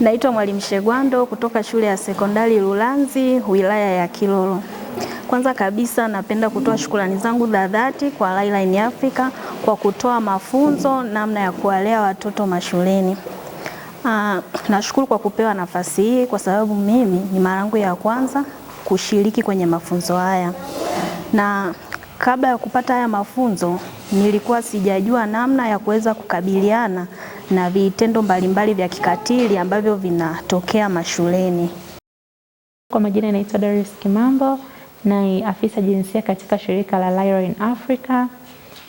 Naitwa Mwalimu Shegwando kutoka shule ya sekondari Lulanzi, wilaya ya Kilolo. Kwanza kabisa napenda kutoa shukrani zangu za dhati kwa Laila in Africa kwa kutoa mafunzo namna ya kuwalea watoto mashuleni. Aa, ah, nashukuru kwa kupewa nafasi hii kwa sababu mimi ni mara yangu ya kwanza kushiriki kwenye mafunzo haya. Na kabla ya kupata haya mafunzo nilikuwa sijajua namna ya kuweza kukabiliana na vitendo mbalimbali vya kikatili ambavyo vinatokea mashuleni. Kwa majina inaitwa Doris Kimambo na afisa jinsia katika shirika la Lyra in Africa,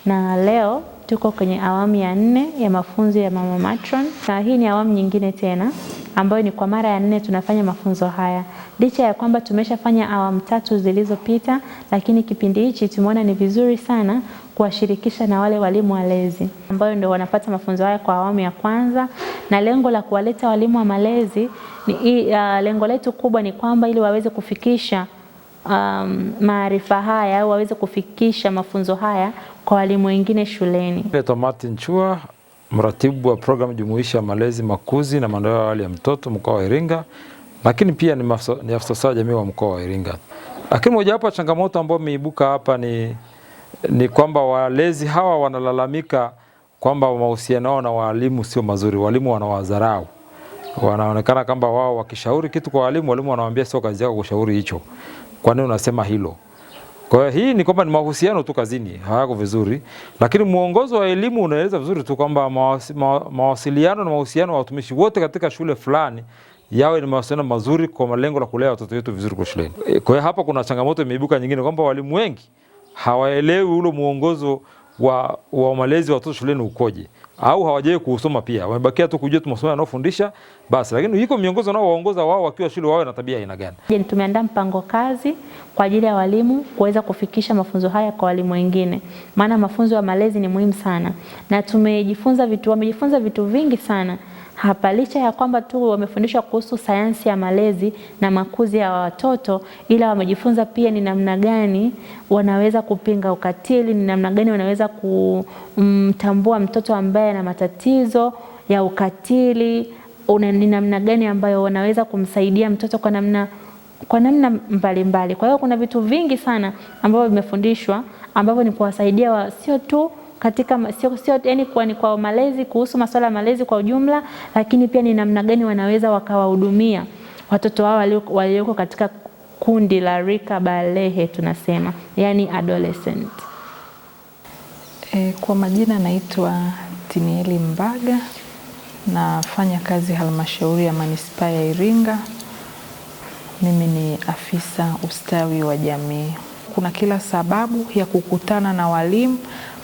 na leo tuko kwenye awamu ya nne ya mafunzo ya mama matron, na hii ni awamu nyingine tena ambayo ni kwa mara ya nne tunafanya mafunzo haya licha ya kwamba tumeshafanya awamu tatu zilizopita, lakini kipindi hichi tumeona ni vizuri sana kuwashirikisha na wale walimu walezi ambayo ndio wanapata mafunzo haya kwa awamu ya kwanza, na lengo la kuwaleta walimu wa malezi ni, uh, lengo letu kubwa ni kwamba ili waweze kufikisha um, maarifa haya au waweze kufikisha mafunzo haya kwa walimu wengine shuleni. Naitwa Martin Chua, mratibu wa programu jumuishi ya malezi, makuzi na maendeleo ya awali ya mtoto mkoa wa Iringa lakini pia ni mafso, afisa ustawi wa jamii wa mkoa wa Iringa. Lakini mojawapo ya changamoto ambayo imeibuka hapa ni, ni kwamba walezi hawa wanalalamika kwamba mahusiano yao na walimu sio mazuri, walimu wanawadharau wanaonekana kwamba wao wakishauri kitu kwa walimu, walimu wanawaambia sio kazi yako kushauri hicho, kwa nini unasema hilo? Kwa hiyo hii ni kwamba ni mahusiano tu kazini hayako vizuri, lakini mwongozo wa elimu unaeleza vizuri tu kwamba mawasiliano na mahusiano wa watumishi wote katika shule fulani yawe ni mawasiliano mazuri kwa malengo la kulea watoto wetu vizuri kwa shuleni. Kwa hiyo hapa kuna changamoto imeibuka nyingine kwamba walimu wengi hawaelewi ule mwongozo wa, wa malezi wa watoto shuleni ukoje au hawajawahi kuusoma pia, wamebakia tu kujua tu masomo yanayofundisha basi, lakini iko miongozo nao waongoza wao wakiwa shule wawe na tabia aina gani. Tumeandaa mpango kazi kwa ajili ya walimu kuweza kufikisha mafunzo haya kwa walimu wengine, maana mafunzo ya malezi ni muhimu sana, na tumejifunza vitu, wamejifunza vitu vingi sana hapa. Licha ya kwamba tu wamefundishwa kuhusu sayansi ya malezi na makuzi ya watoto, ila wamejifunza pia ni namna gani wanaweza kupinga ukatili, ni namna gani wanaweza kumtambua mtoto ambaye ana matatizo ya ukatili, ni namna gani ambayo wanaweza kumsaidia mtoto kwa namna kwa namna mbalimbali Kwa hiyo kuna vitu vingi sana ambavyo vimefundishwa ambavyo ni kuwasaidia sio tu katika sio sio, yani kwa ni kwa malezi, kuhusu masuala ya malezi kwa ujumla, lakini pia ni namna gani wanaweza wakawahudumia watoto wao walioko katika kundi la rika balehe tunasema, yani adolescent. E, kwa majina naitwa Tinieli Mbaga, nafanya kazi halmashauri ya manispaa ya Iringa. Mimi ni afisa ustawi wa jamii. Kuna kila sababu ya kukutana na walimu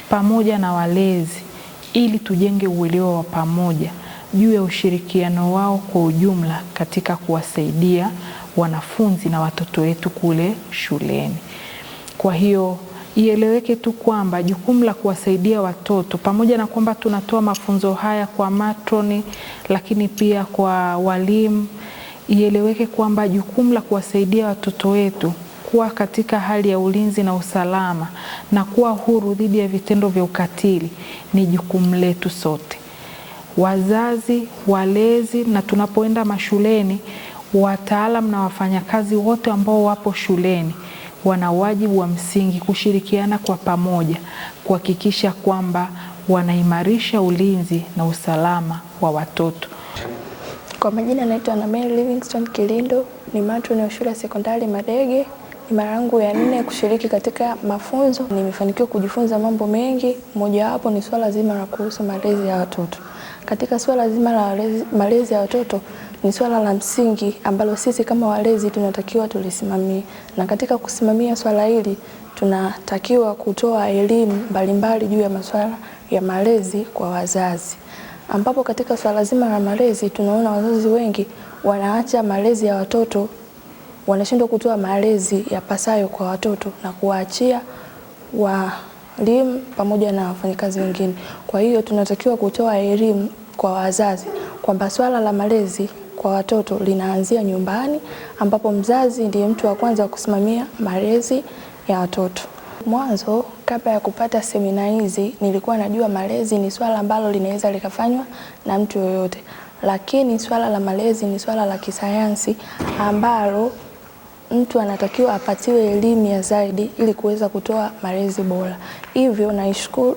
pamoja na walezi ili tujenge uelewa wa pamoja juu ya ushirikiano wao kwa ujumla katika kuwasaidia wanafunzi na watoto wetu kule shuleni. Kwa hiyo ieleweke tu kwamba jukumu la kuwasaidia watoto pamoja na kwamba tunatoa mafunzo haya kwa matroni, lakini pia kwa walimu, ieleweke kwamba jukumu la kuwasaidia watoto wetu kuwa katika hali ya ulinzi na usalama na kuwa huru dhidi ya vitendo vya ukatili ni jukumu letu sote, wazazi, walezi, na tunapoenda mashuleni, wataalamu na wafanyakazi wote ambao wapo shuleni wana wajibu wa msingi kushirikiana kwa pamoja kuhakikisha kwamba wanaimarisha ulinzi na usalama wa watoto. Kwa majina anaitwa Ana Mary Livingstone Kilindo, ni matuni ya shule ya sekondari Madege. Ni mara yangu ya nne kushiriki katika mafunzo. Nimefanikiwa kujifunza mambo mengi, mojawapo ni swala zima la kuhusu malezi ya watoto. Katika swala zima la malezi ya watoto ni swala la msingi ambalo sisi kama walezi tunatakiwa tulisimamie, na katika kusimamia swala hili tunatakiwa kutoa elimu mbalimbali juu ya masuala ya malezi kwa wazazi, ambapo katika swala zima la malezi tunaona wazazi wengi wanaacha malezi ya watoto wanashindwa kutoa malezi ya pasayo kwa watoto na kuwaachia walimu pamoja na wafanyakazi wengine. Kwa hiyo tunatakiwa kutoa elimu kwa wazazi kwamba swala la malezi kwa watoto linaanzia nyumbani, ambapo mzazi ndiye mtu wa kwanza wa kusimamia malezi ya watoto. Mwanzo, kabla ya kupata semina hizi, nilikuwa najua malezi ni swala ambalo linaweza likafanywa na mtu yoyote, lakini swala la malezi ni swala la kisayansi ambalo mtu anatakiwa apatiwe elimu ya zaidi ili kuweza kutoa malezi bora. Hivyo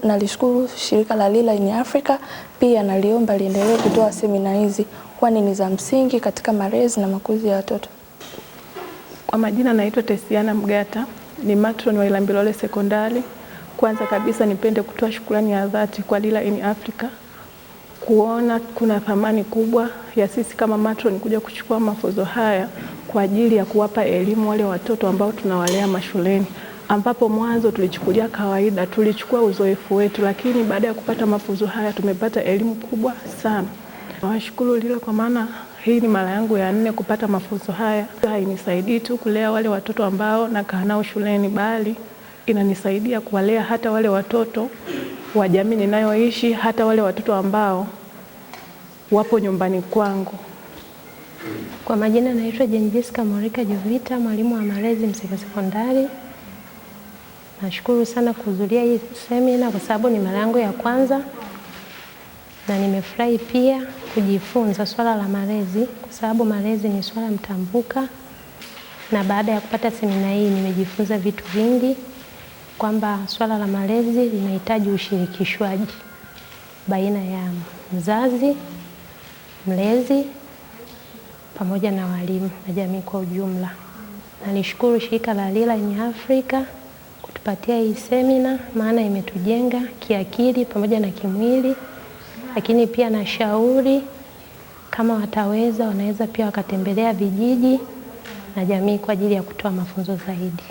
nalishukuru shirika la Lila in Africa, pia naliomba liendelee kutoa semina hizi kwani ni za msingi katika malezi na makuzi ya watoto. Kwa majina naitwa Tesiana Mgata, ni matron wa Ilambilole Sekondari. Kwanza kabisa nipende kutoa shukrani ya dhati kwa Lila in Africa kuona kuna thamani kubwa ya sisi kama matron kuja kuchukua mafunzo haya kwa ajili ya kuwapa elimu wale watoto ambao tunawalea mashuleni, ambapo mwanzo tulichukulia kawaida, tulichukua uzoefu wetu, lakini baada ya kupata mafunzo haya tumepata elimu kubwa sana. Nawashukuru lile kwa maana hii ni mara yangu ya nne kupata mafunzo haya. Hainisaidii tu kulea wale watoto ambao nakaa nao shuleni, bali inanisaidia kuwalea hata wale watoto wa jamii ninayoishi, hata wale watoto ambao wapo nyumbani kwangu. Kwa majina naitwa Jane Jessica Morika Jovita, mwalimu wa malezi Msega Sekondari. Nashukuru sana kuhudhuria hii semina kwa sababu ni mara yangu ya kwanza, na nimefurahi pia kujifunza swala la malezi, kwa sababu malezi ni swala mtambuka, na baada ya kupata semina hii nimejifunza vitu vingi, kwamba swala la malezi linahitaji ushirikishwaji baina ya mzazi mlezi pamoja na walimu na jamii kwa ujumla. Na nishukuru shirika la Lila in Africa kutupatia hii semina, maana imetujenga kiakili pamoja na kimwili, lakini pia na shauri kama wataweza, wanaweza pia wakatembelea vijiji na jamii kwa ajili ya kutoa mafunzo zaidi.